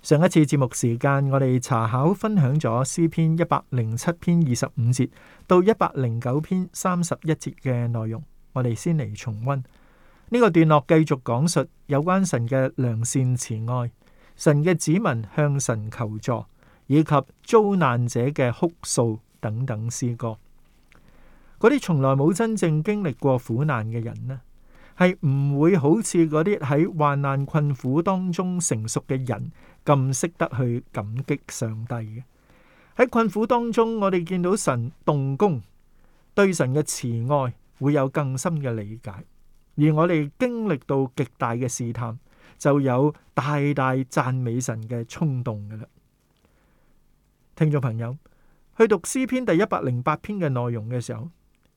上一次節目時間，我哋查考分享咗詩篇一百零七篇二十五節到一百零九篇三十一節嘅內容。我哋先嚟重溫呢個段落，繼續講述有關神嘅良善慈愛、神嘅子民向神求助以及遭難者嘅哭訴等等詩歌。嗰啲從來冇真正經歷過苦難嘅人呢，係唔會好似嗰啲喺患難困苦當中成熟嘅人。咁識得去感激上帝嘅。喺困苦當中，我哋見到神動工，對神嘅慈愛會有更深嘅理解，而我哋經歷到極大嘅試探，就有大大讚美神嘅衝動㗎啦。聽眾朋友，去讀詩篇第一百零八篇嘅內容嘅時候，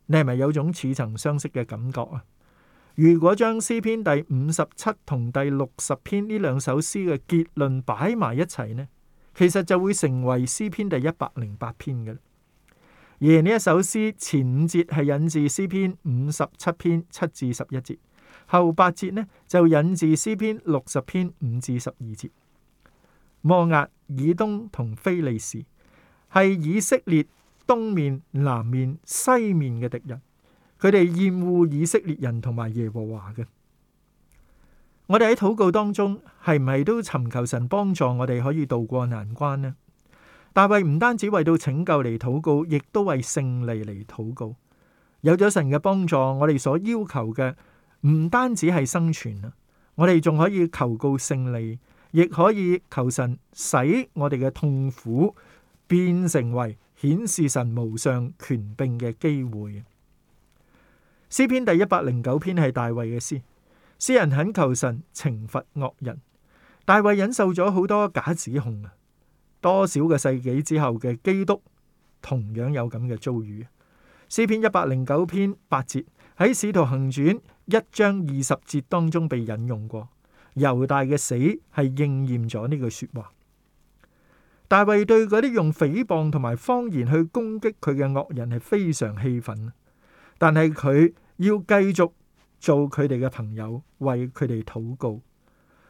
你係咪有種似曾相識嘅感覺啊？如果將詩篇第五十七同第六十篇呢兩首詩嘅結論擺埋一齊呢，其實就會成為詩篇第一百零八篇嘅。而呢一首詩前五節係引自詩篇五十七篇七至十一節，後八節呢就引自詩篇六十篇五至十二節。摩押、以東同非利士係以色列東面、南面、西面嘅敵人。佢哋厭惡以色列人同埋耶和華嘅。我哋喺禱告當中係唔係都尋求神幫助，我哋可以渡過難關呢？大衛唔單止為到拯救嚟禱告，亦都為勝利嚟禱告。有咗神嘅幫助，我哋所要求嘅唔單止係生存啊，我哋仲可以求告勝利，亦可以求神使我哋嘅痛苦變成為顯示神無上權柄嘅機會。詩篇第一百零九篇係大衛嘅詩，詩人懇求神懲罰惡人。大衛忍受咗好多假指控啊！多少個世紀之後嘅基督同樣有咁嘅遭遇。詩篇一百零九篇八節喺《使徒行傳》一章二十節當中被引用過。猶大嘅死係應驗咗呢句說話。大衛對嗰啲用誹謗同埋謊言去攻擊佢嘅惡人係非常氣憤，但係佢，要繼續做佢哋嘅朋友，為佢哋禱告。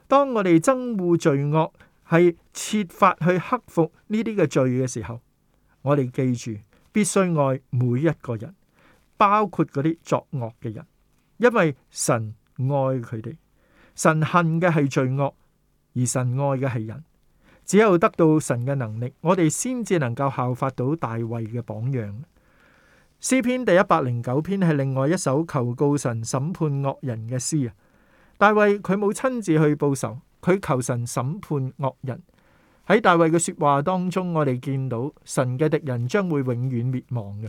當我哋憎惡罪惡，係設法去克服呢啲嘅罪嘅時候，我哋記住必須愛每一個人，包括嗰啲作惡嘅人，因為神愛佢哋。神恨嘅係罪惡，而神愛嘅係人。只有得到神嘅能力，我哋先至能夠效法到大衛嘅榜樣。詩篇第一百零九篇係另外一首求告神審判惡人嘅詩啊。大衛佢冇親自去報仇，佢求神審判惡人。喺大衛嘅說話當中，我哋見到神嘅敵人將會永遠滅亡嘅。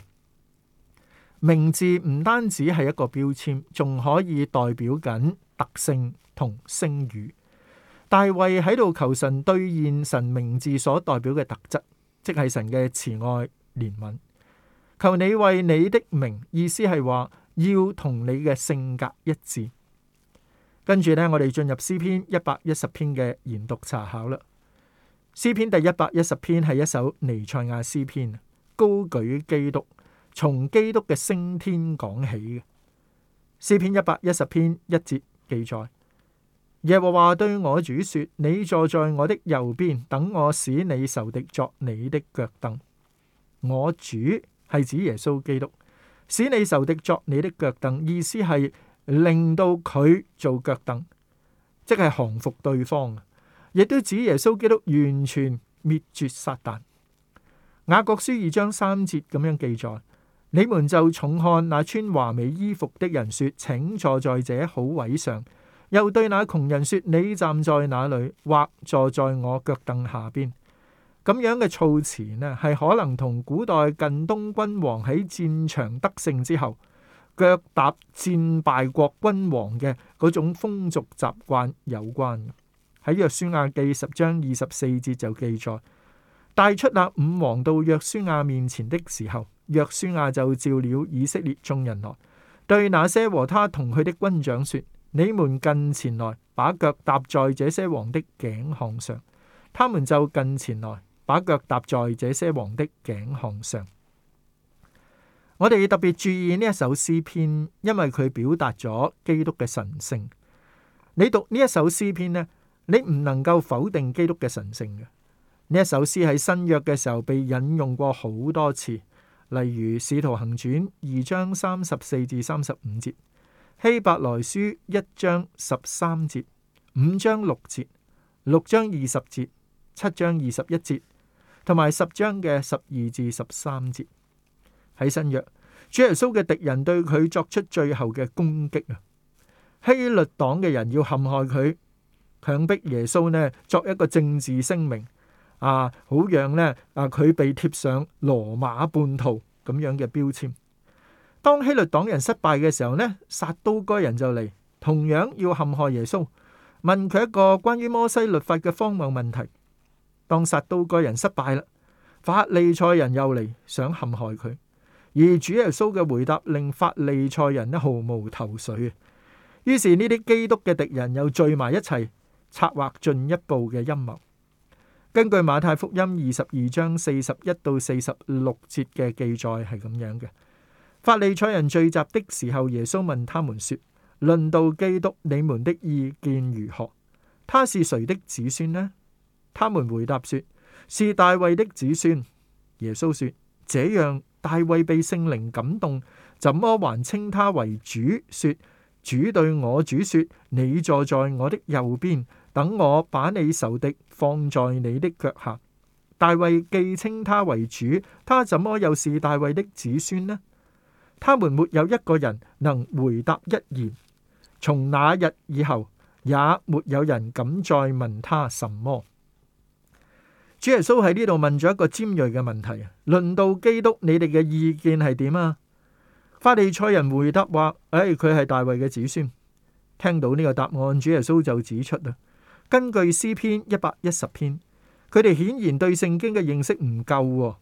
名字唔單止係一個標籤，仲可以代表緊特性同聲譽。大衛喺度求神兌現神名字所代表嘅特質，即係神嘅慈愛憐憫。求你為你的名，意思係話要同你嘅性格一致。跟住呢，我哋進入詩篇一百一十篇嘅研讀查考啦。詩篇第一百一十篇係一首彌賽亞詩篇，高舉基督，從基督嘅升天講起嘅。詩篇一百一十篇一節記載：耶和華對我主說，你坐在我的右邊，等我使你仇敵作你的腳凳。我主。係指耶穌基督，使你仇敵作你的腳凳，意思係令到佢做腳凳，即係降服對方。亦都指耶穌基督完全滅絕撒但。雅各書二章三節咁樣記載：你們就重看那穿華美衣服的人，說：請坐在這好位上；又對那窮人說：你站在那裏，或坐在我腳凳下邊。咁樣嘅措辭呢，係可能同古代近東君王喺戰場得勝之後，腳踏戰敗國君王嘅嗰種風俗習慣有關嘅。喺約書亞記十章二十四節就記載：帶出那五王到約書亞面前的時候，約書亞就召了以色列眾人來，對那些和他同去的軍長說：你們近前來，把腳踏在這些王的頸項上。他們就近前來。把腳踏在這些王的頸項上。我哋特別注意呢一首詩篇，因為佢表達咗基督嘅神聖。你讀呢一首詩篇呢，你唔能夠否定基督嘅神聖嘅。呢一首詩喺新約嘅時候被引用過好多次，例如《使徒行傳》二章三十四至三十五節，《希伯來書》一章十三節、五章六節、六章二十節、七章二十一節。同埋十章嘅十二至十三節。喺新約，主耶穌嘅敵人對佢作出最後嘅攻擊啊！希律黨嘅人要陷害佢，強迫耶穌呢作一個政治聲明啊，好讓呢啊佢被貼上羅馬叛徒咁樣嘅標籤。當希律黨人失敗嘅時候呢，撒都該人就嚟，同樣要陷害耶穌，問佢一個關於摩西律法嘅荒謬問題。當撒都該人失敗啦，法利賽人又嚟想陷害佢，而主耶穌嘅回答令法利賽人一毫無頭緒。於是呢啲基督嘅敵人又聚埋一齊策劃進一步嘅陰謀。根據馬太福音二十二章四十一到四十六節嘅記載係咁樣嘅：法利賽人聚集的時候，耶穌問他們說：論到基督，你們的意見如何？他是誰的子孫呢？他們回答說：是大衛的子孫。耶穌說：這樣，大衛被聖靈感動，怎麼還稱他為主？說主對我主說：你坐在我的右邊，等我把你仇敵放在你的腳下。大衛既稱他為主，他怎麼又是大衛的子孫呢？他們沒有一個人能回答一言。從那日以後，也沒有人敢再問他什麼。主耶穌喺呢度問咗一個尖銳嘅問題：論到基督，你哋嘅意見係點啊？法利賽人回答話：誒、哎，佢係大衛嘅子孫。聽到呢個答案，主耶穌就指出啦，根據詩篇一百一十篇，佢哋顯然對聖經嘅認識唔夠。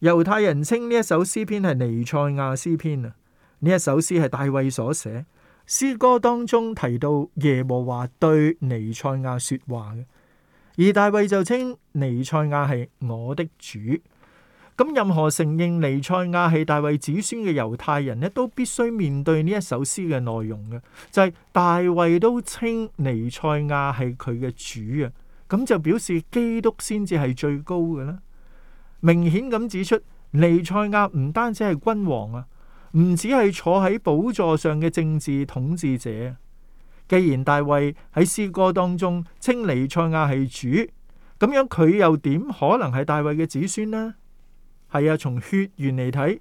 猶太人稱呢一首詩篇係彌賽亞詩篇啊，呢一首詩係大衛所寫，詩歌當中提到耶和華對彌賽亞說話嘅。而大衛就稱尼賽亞係我的主，咁任何承認尼賽亞係大衛子孫嘅猶太人咧，都必須面對呢一首詩嘅內容嘅，就係大衛都稱尼賽亞係佢嘅主啊，咁就表示基督先至係最高嘅啦。明顯咁指出尼賽亞唔單止係君王啊，唔止係坐喺寶座上嘅政治統治者。既然大衛喺詩歌當中稱彌賽亞係主，咁樣佢又點可能係大衛嘅子孫呢？係啊，從血緣嚟睇，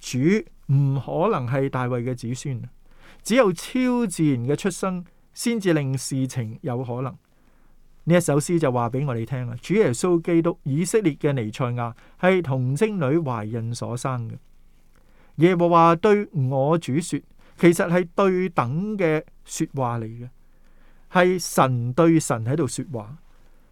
主唔可能係大衛嘅子孫。只有超自然嘅出生，先至令事情有可能。呢一首詩就話俾我哋聽啦：「主耶穌基督，以色列嘅彌賽亞係童貞女懷孕所生嘅。耶和華對我主說。其實係對等嘅說話嚟嘅，係神對神喺度說話。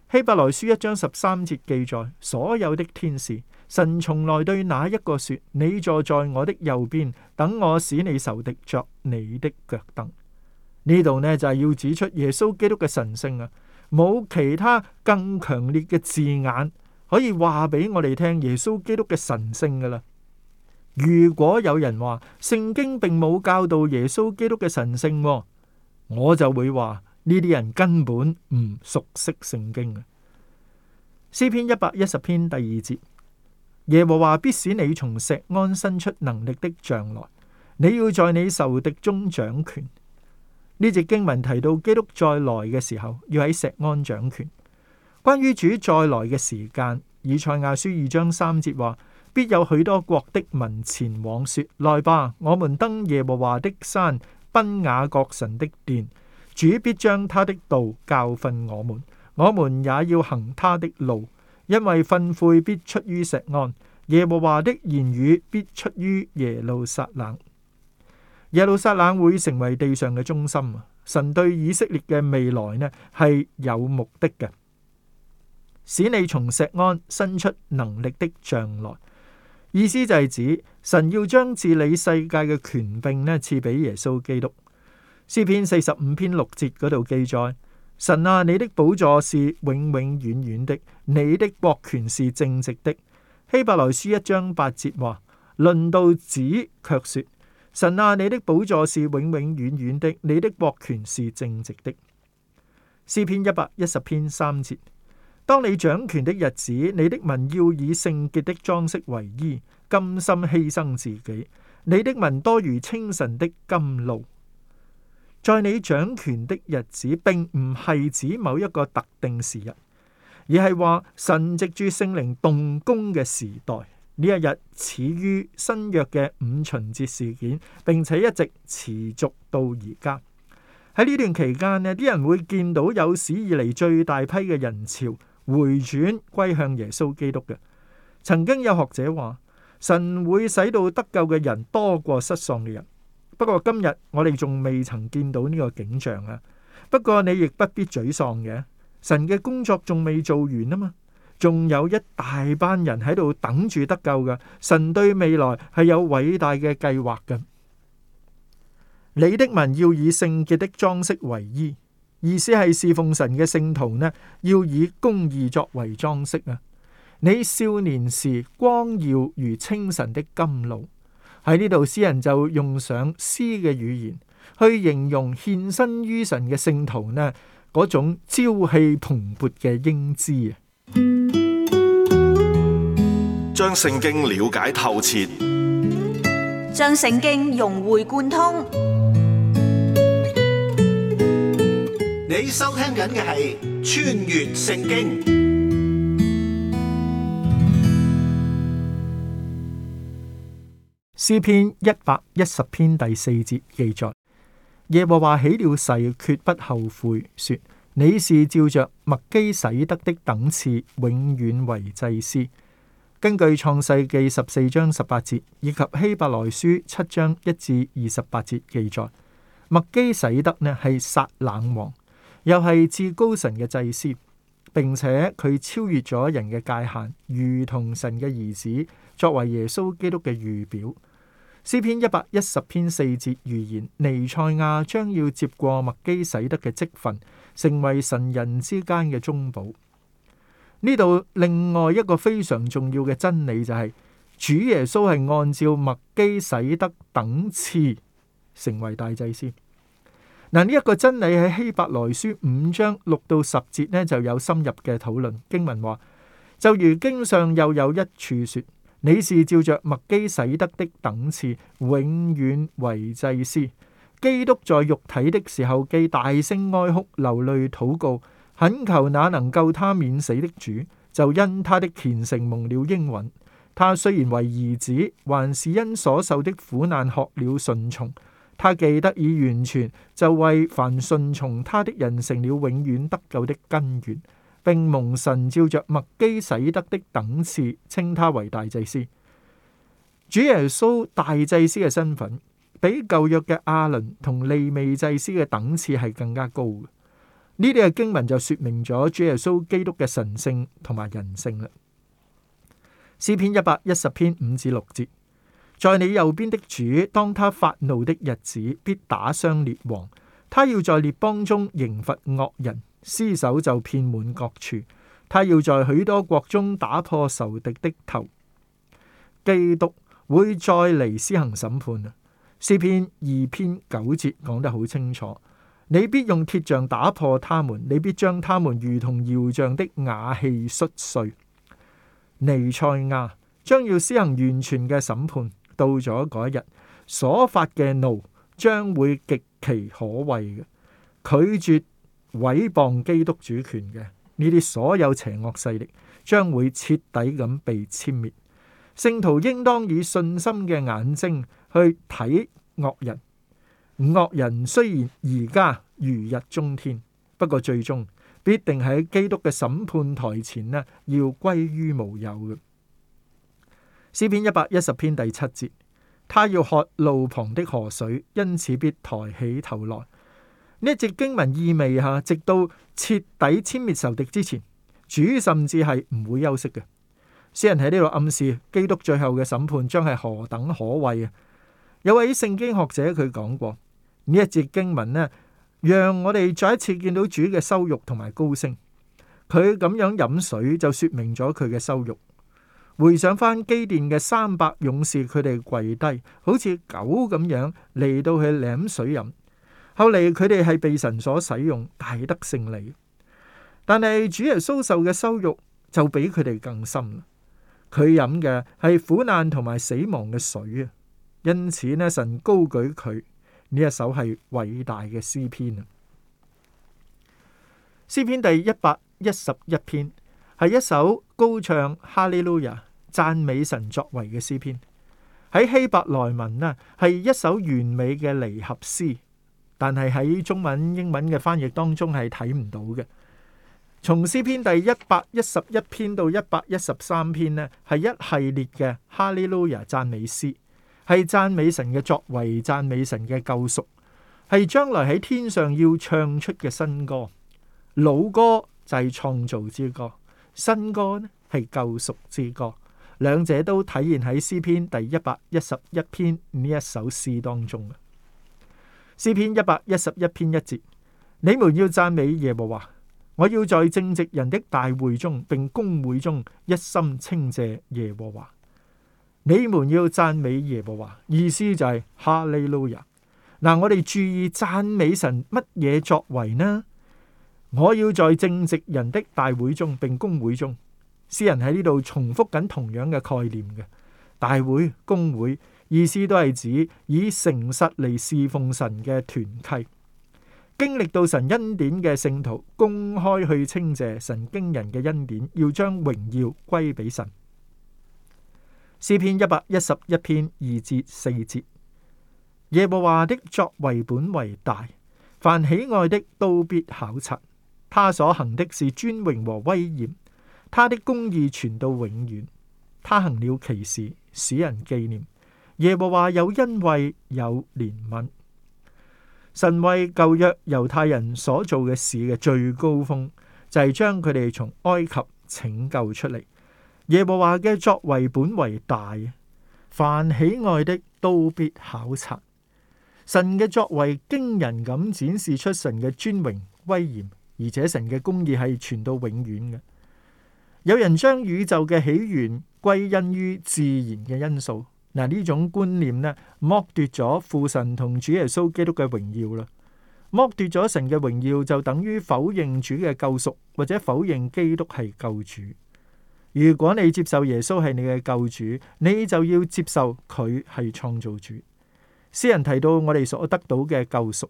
希伯來書一章十三節記載：所有的天使，神從來對那一個說：你坐在我的右邊，等我使你仇敵作你的腳凳。呢度呢就係、是、要指出耶穌基督嘅神聖啊，冇其他更強烈嘅字眼可以話俾我哋聽耶穌基督嘅神聖噶啦。如果有人話聖經並冇教導耶穌基督嘅神性，哦，我就會話呢啲人根本唔熟悉聖經啊。詩篇一百一十篇第二節，耶和華必使你從錫安伸出能力的杖來，你要在你仇敵中掌權。呢節經文提到基督再來嘅時候要喺錫安掌權。關於主再來嘅時間，以賽亞書二章三節話。必有許多國的民前往說：來吧，我們登耶和華的山，奔雅各神的殿。主必將他的道教訓我們，我們也要行他的路，因為悔罪必出於石安，耶和華的言語必出於耶路撒冷。耶路撒冷會成為地上嘅中心，神對以色列嘅未來呢係有目的嘅，使你從石安伸出能力的杖來。意思就係指神要將治理世界嘅權柄呢賜俾耶穌基督。詩篇四十五篇六節嗰度記載：神啊，你的寶座是永永遠，遠遠的，你的國權是正直的。希伯來書一章八節話：論到子卻說：神啊，你的寶座是永永遠遠，遠遠的，你的國權是正直的。詩篇一百一十篇三節。當你掌權的日子，你的民要以聖潔的裝飾為衣，甘心犧牲自己。你的民多如清晨的甘露。在你掌權的日子，並唔係指某一個特定時日，而係話神藉住聖靈動工嘅時代。呢一日始於新約嘅五旬節事件，並且一直持續到而家。喺呢段期間呢啲人會見到有史以嚟最大批嘅人潮。回轉歸向耶穌基督嘅，曾經有學者話，神會使到得救嘅人多過失喪嘅人。不過今日我哋仲未曾見到呢個景象啊。不過你亦不必沮喪嘅，神嘅工作仲未做完啊嘛，仲有一大班人喺度等住得救嘅。神對未來係有偉大嘅計劃嘅。你的民要以聖潔的裝飾為衣。意思係侍奉神嘅聖徒呢，要以公義作為裝飾啊！你少年時光耀如清晨的甘露，喺呢度詩人就用上詩嘅語言去形容獻身於神嘅聖徒呢嗰種朝氣蓬勃嘅英姿啊！將聖經了解透徹，將聖經融會貫通。你收聽緊嘅係穿越聖經。詩篇一百一十篇第四節記載，耶和華起了誓，決不後悔，說你是照着麥基洗德的等次，永遠為祭司。根據創世記十四章十八節以及希伯來書七章一至二十八節記載，麥基洗德呢係撒冷王。又係至高神嘅祭司，並且佢超越咗人嘅界限，如同神嘅兒子，作為耶穌基督嘅預表。詩篇一百一十篇四節預言，彌賽亞將要接過麥基洗德嘅職分，成為神人之間嘅中保。呢度另外一個非常重要嘅真理就係、是，主耶穌係按照麥基洗德等次成為大祭司。嗱，呢一個真理喺希伯來書五章六到十節呢就有深入嘅討論。經文話：就如經上又有一處説，你是照着麥基洗德的等次，永遠為祭司。基督在肉體的時候，既大聲哀哭流淚禱告，懇求那能救他免死的主，就因他的虔誠蒙了應允。他雖然為兒子，還是因所受的苦難學了順從。他既得以完全，就為凡順從他的人成了永遠得救的根源，並蒙神照着麥基洗德的等次稱他為大祭司。主耶穌大祭司嘅身份，比舊約嘅亞倫同利未祭司嘅等次係更加高嘅。呢啲嘅經文就說明咗主耶穌基督嘅神性同埋人性啦。詩篇一百一十篇五至六節。在你右邊的主，當他發怒的日子，必打傷列王。他要在列邦中刑罰惡人，屍首就遍滿各處。他要在許多國中打破仇敵的頭。基督會再嚟施行審判啊！詩篇二篇九節講得好清楚：你必用鐵杖打破他們，你必將他們如同窯匠的瓦器摔碎。彌賽亞將要施行完全嘅審判。到咗嗰一日，所發嘅怒將會極其可畏嘅。拒絕毀謗基督主權嘅呢啲所有邪惡勢力，將會徹底咁被殲滅。聖徒應當以信心嘅眼睛去睇惡人，惡人雖然而家如日中天，不過最終必定喺基督嘅審判台前呢，要歸於無有嘅。詩篇一百一十篇第七節，他要喝路旁的河水，因此必抬起頭來。呢一節經文意味下，直到徹底殲滅仇敵之前，主甚至係唔會休息嘅。詩人喺呢度暗示基督最後嘅審判將係何等可畏啊！有位聖經學者佢講過，呢一節經文呢，讓我哋再一次見到主嘅羞辱同埋高升。佢咁樣飲水就說明咗佢嘅羞辱。回想翻基甸嘅三百勇士，佢哋跪低，好似狗咁樣嚟到去舐水飲。後嚟佢哋係被神所使用，大得勝利。但係主耶穌受嘅羞辱就比佢哋更深。佢飲嘅係苦難同埋死亡嘅水啊！因此呢，神高舉佢呢一首係偉大嘅詩篇啊！詩篇第一百一十一篇。係一首高唱哈利路亞讚美神作為嘅詩篇，喺希伯來文呢係一首完美嘅離合詩，但係喺中文、英文嘅翻譯當中係睇唔到嘅。從詩篇第一百一十一篇到一百一十三篇呢係一系列嘅哈利路亞讚美詩，係讚美神嘅作為，讚美神嘅救贖，係將來喺天上要唱出嘅新歌。老歌就係創造之歌。新歌呢係救贖之歌，兩者都體現喺詩篇第一百一十一篇呢一首詩當中。詩篇一百一十一篇一節，你們要讚美耶和華，我要在正直人的大會中，並公會中，一心稱謝耶和華。你們要讚美耶和華，意思就係哈利路亞。嗱，我哋注意讚美神乜嘢作為呢？我要在正直人的大會中，並公會中，詩人喺呢度重複緊同樣嘅概念嘅大會、公會，意思都係指以誠實嚟侍奉神嘅團契。經歷到神恩典嘅聖徒，公開去稱謝神驚人嘅恩典，要將榮耀歸俾神。詩篇一百一十一篇二至四節，耶和華的作為本為大，凡喜愛的都必考察。他所行的是尊榮和威嚴，他的公義傳到永遠。他行了奇事，使人紀念耶和華有恩惠有憐憫。神為舊約猶太人所做嘅事嘅最高峰就係將佢哋從埃及拯救出嚟。耶和華嘅作為本為大，凡喜愛的都必考察。神嘅作為驚人咁展示出神嘅尊榮威嚴。而且神嘅公義係傳到永遠嘅。有人將宇宙嘅起源歸因於自然嘅因素，嗱呢種觀念呢，剝奪咗父神同主耶穌基督嘅榮耀啦，剝奪咗神嘅榮耀就等於否認主嘅救贖，或者否認基督係救主。如果你接受耶穌係你嘅救主，你就要接受佢係創造主。詩人提到我哋所得到嘅救贖。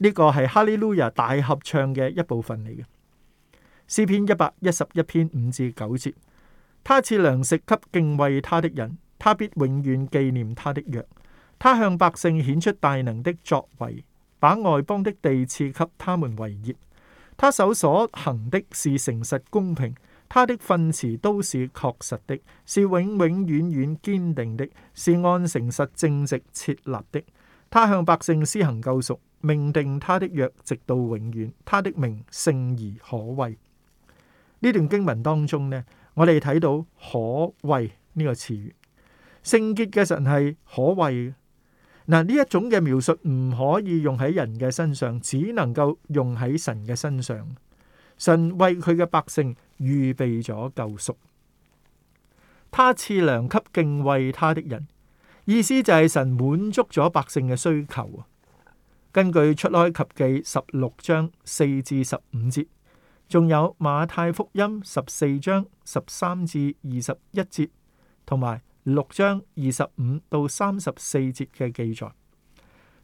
呢個係哈利路亞大合唱嘅一部分嚟嘅。詩篇一百一十一篇五至九節：他賜糧食給敬畏他的人，他必永遠紀念他的約。他向百姓顯出大能的作為，把外邦的地賜給他們為業。他手所行的是誠實公平，他的訓詞都是確實的，是永永遠遠堅定的，是按誠實正直設立的。他向百姓施行救贖。命定他的約直到永遠，他的名聖而可畏。呢段經文當中呢，我哋睇到可畏呢個詞語，聖潔嘅神係可畏嗱，呢一種嘅描述唔可以用喺人嘅身上，只能夠用喺神嘅身上。神為佢嘅百姓預備咗救贖，他賜糧給敬畏他的人，意思就係神滿足咗百姓嘅需求根據《出埃及記》十六章四至十五節，仲有《馬太福音》十四章十三至二十一節，同埋六章二十五到三十四節嘅記載，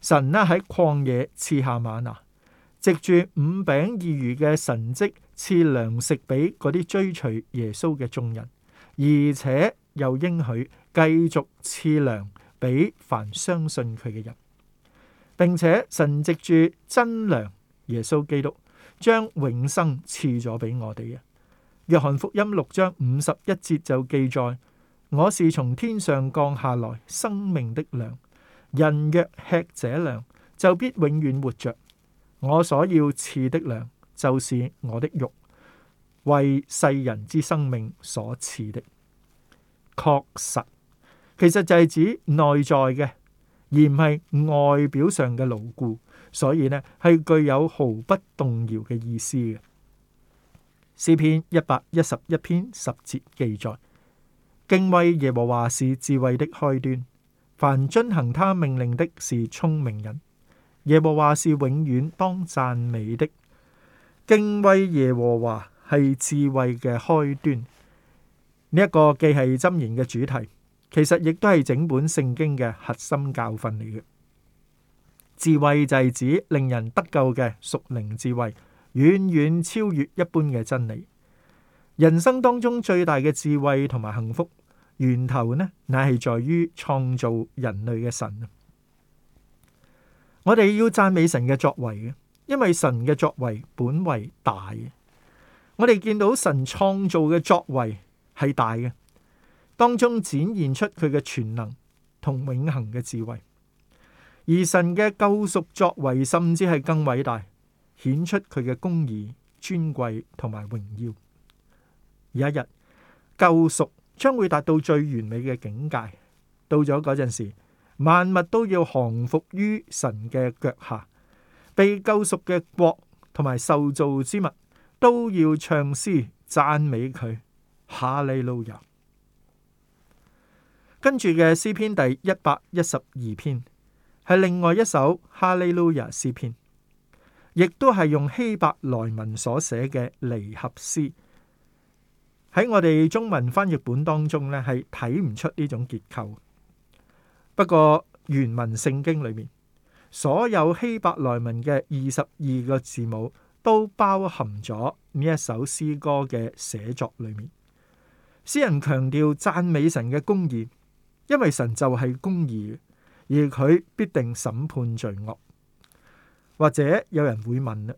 神呢喺曠野賜下嗎哪，藉住五餅二魚嘅神跡賜糧食俾嗰啲追隨耶穌嘅眾人，而且又應許繼續賜糧俾凡相信佢嘅人。並且神藉住真糧耶穌基督將永生賜咗俾我哋嘅。約翰福音六章五十一節就記載： 我是從天上降下來生命的糧，人若吃這糧就必永遠活着。我所要賜的糧就是我的肉，為世人之生命所賜的。確實，其實就係指內在嘅。而唔係外表上嘅牢固，所以呢係具有毫不動搖嘅意思嘅。詩篇一百一十一篇十節記載：敬畏耶和華是智慧的開端，凡遵行他命令的是聰明人。耶和華是永遠當讚美的，敬畏耶和華係智慧嘅開端。呢、這、一個既係箴言嘅主題。其實亦都係整本聖經嘅核心教訓嚟嘅。智慧就係指令人得救嘅屬靈智慧，遠遠超越一般嘅真理。人生當中最大嘅智慧同埋幸福源頭呢，乃係在於創造人類嘅神。我哋要讚美神嘅作為嘅，因為神嘅作為本為大。我哋見到神創造嘅作為係大嘅。當中展現出佢嘅全能同永恆嘅智慧，而神嘅救贖作為甚至係更偉大，顯出佢嘅公義、尊貴同埋榮耀。有一日救贖將會達到最完美嘅境界，到咗嗰陣時，萬物都要降服於神嘅腳下，被救贖嘅國同埋受造之物都要唱詩讚美佢，哈利路亞。跟住嘅詩篇第一百一十二篇係另外一首哈利路亞詩篇，亦都係用希伯來文所寫嘅離合詩。喺我哋中文翻譯本當中呢，係睇唔出呢種結構。不過原文聖經裏面，所有希伯來文嘅二十二個字母都包含咗呢一首詩歌嘅寫作裏面。詩人強調讚美神嘅公義。因為神就係公義，而佢必定審判罪惡。或者有人會問啦：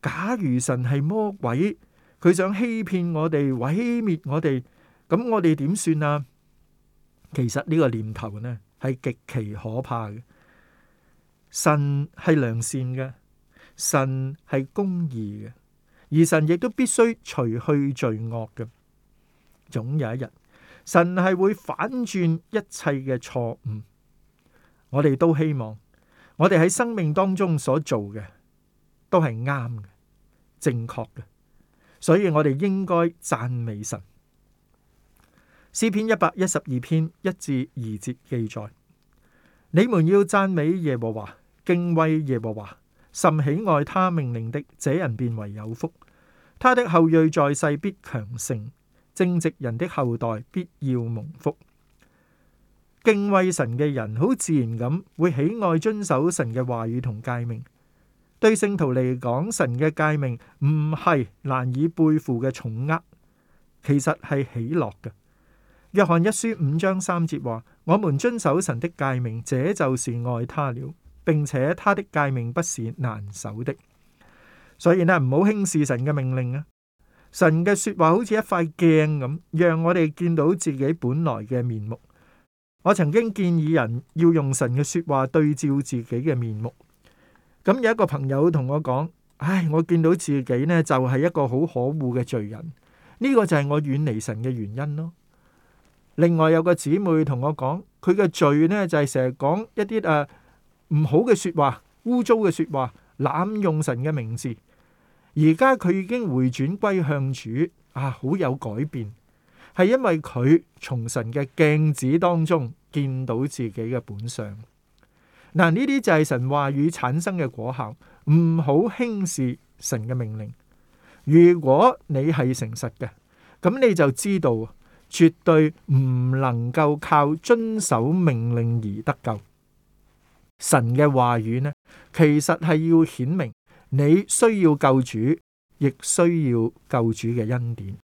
假如神係魔鬼，佢想欺騙我哋，毀滅我哋，咁我哋點算啊？其實呢個念頭呢係極其可怕嘅。神係良善嘅，神係公義嘅，而神亦都必須除去罪惡嘅。總有一日。神係會反轉一切嘅錯誤，我哋都希望我哋喺生命當中所做嘅都係啱嘅、正確嘅，所以我哋應該讚美神。詩篇一百一十二篇一至二節記載：你們要讚美耶和華，敬畏耶和華，甚喜愛他命令的，這人便為有福，他的後裔在世必強盛。正直人的後代必要蒙福，敬畏神嘅人好自然咁會喜愛遵守神嘅話語同誡命。對聖徒嚟講，神嘅誡命唔係難以背負嘅重軛，其實係喜樂嘅。約翰一書五章三節話：我們遵守神的誡命，這就是愛他了，並且他的誡命不是難守的。所以呢，唔好輕視神嘅命令啊！神嘅說話好似一塊鏡咁，讓我哋見到自己本來嘅面目。我曾經建議人要用神嘅說話對照自己嘅面目。咁有一個朋友同我講，唉，我見到自己呢，就係一個好可惡嘅罪人。呢個就係我遠離神嘅原因咯。另外有個姊妹同我講，佢嘅罪呢，就係成日講一啲誒唔好嘅說話、污糟嘅說話、濫用神嘅名字。而家佢已經回轉歸向主啊，好有改變，係因為佢從神嘅鏡子當中見到自己嘅本相。嗱、啊，呢啲就係神話語產生嘅果效，唔好輕視神嘅命令。如果你係誠實嘅，咁你就知道絕對唔能夠靠遵守命令而得救。神嘅話語呢，其實係要顯明。你需要救主，亦需要救主嘅恩典。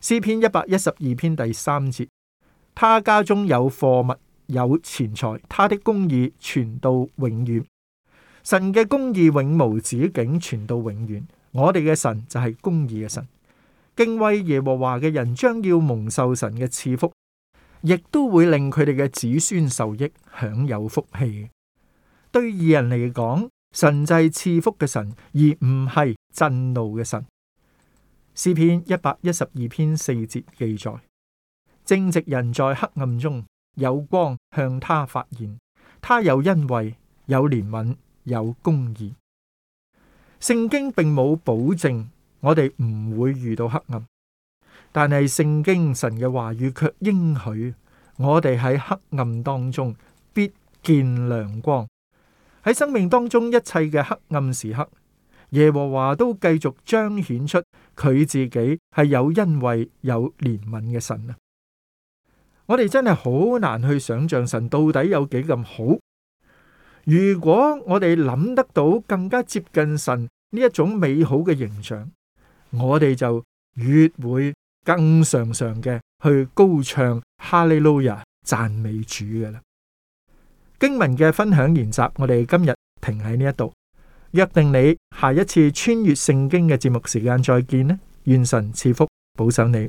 詩篇一百一十二篇第三節：他家中有貨物，有錢財，他的公義傳到永遠。神嘅公義永無止境，傳到永遠。我哋嘅神就係公義嘅神。敬畏耶和華嘅人將要蒙受神嘅賜福，亦都會令佢哋嘅子孫受益，享有福氣。對義人嚟講。神祭賜福嘅神，而唔係震怒嘅神。詩篇一百一十二篇四節記載：正直人在黑暗中有光向他發現，他有恩惠，有憐憫，有，憐憫有公義。聖經並冇保證我哋唔會遇到黑暗，但係聖經神嘅話語卻應許我哋喺黑暗當中必見亮光。喺生命當中一切嘅黑暗時刻，耶和華都繼續彰顯出佢自己係有恩惠，有憐憫嘅神啊！我哋真係好難去想象神到底有幾咁好。如果我哋諗得到更加接近神呢一種美好嘅形象，我哋就越會更常常嘅去高唱哈利路亞，讚美主嘅啦。經文嘅分享研習，我哋今日停喺呢一度，約定你下一次穿越聖經嘅節目時間再見啦！願神賜福，保守你。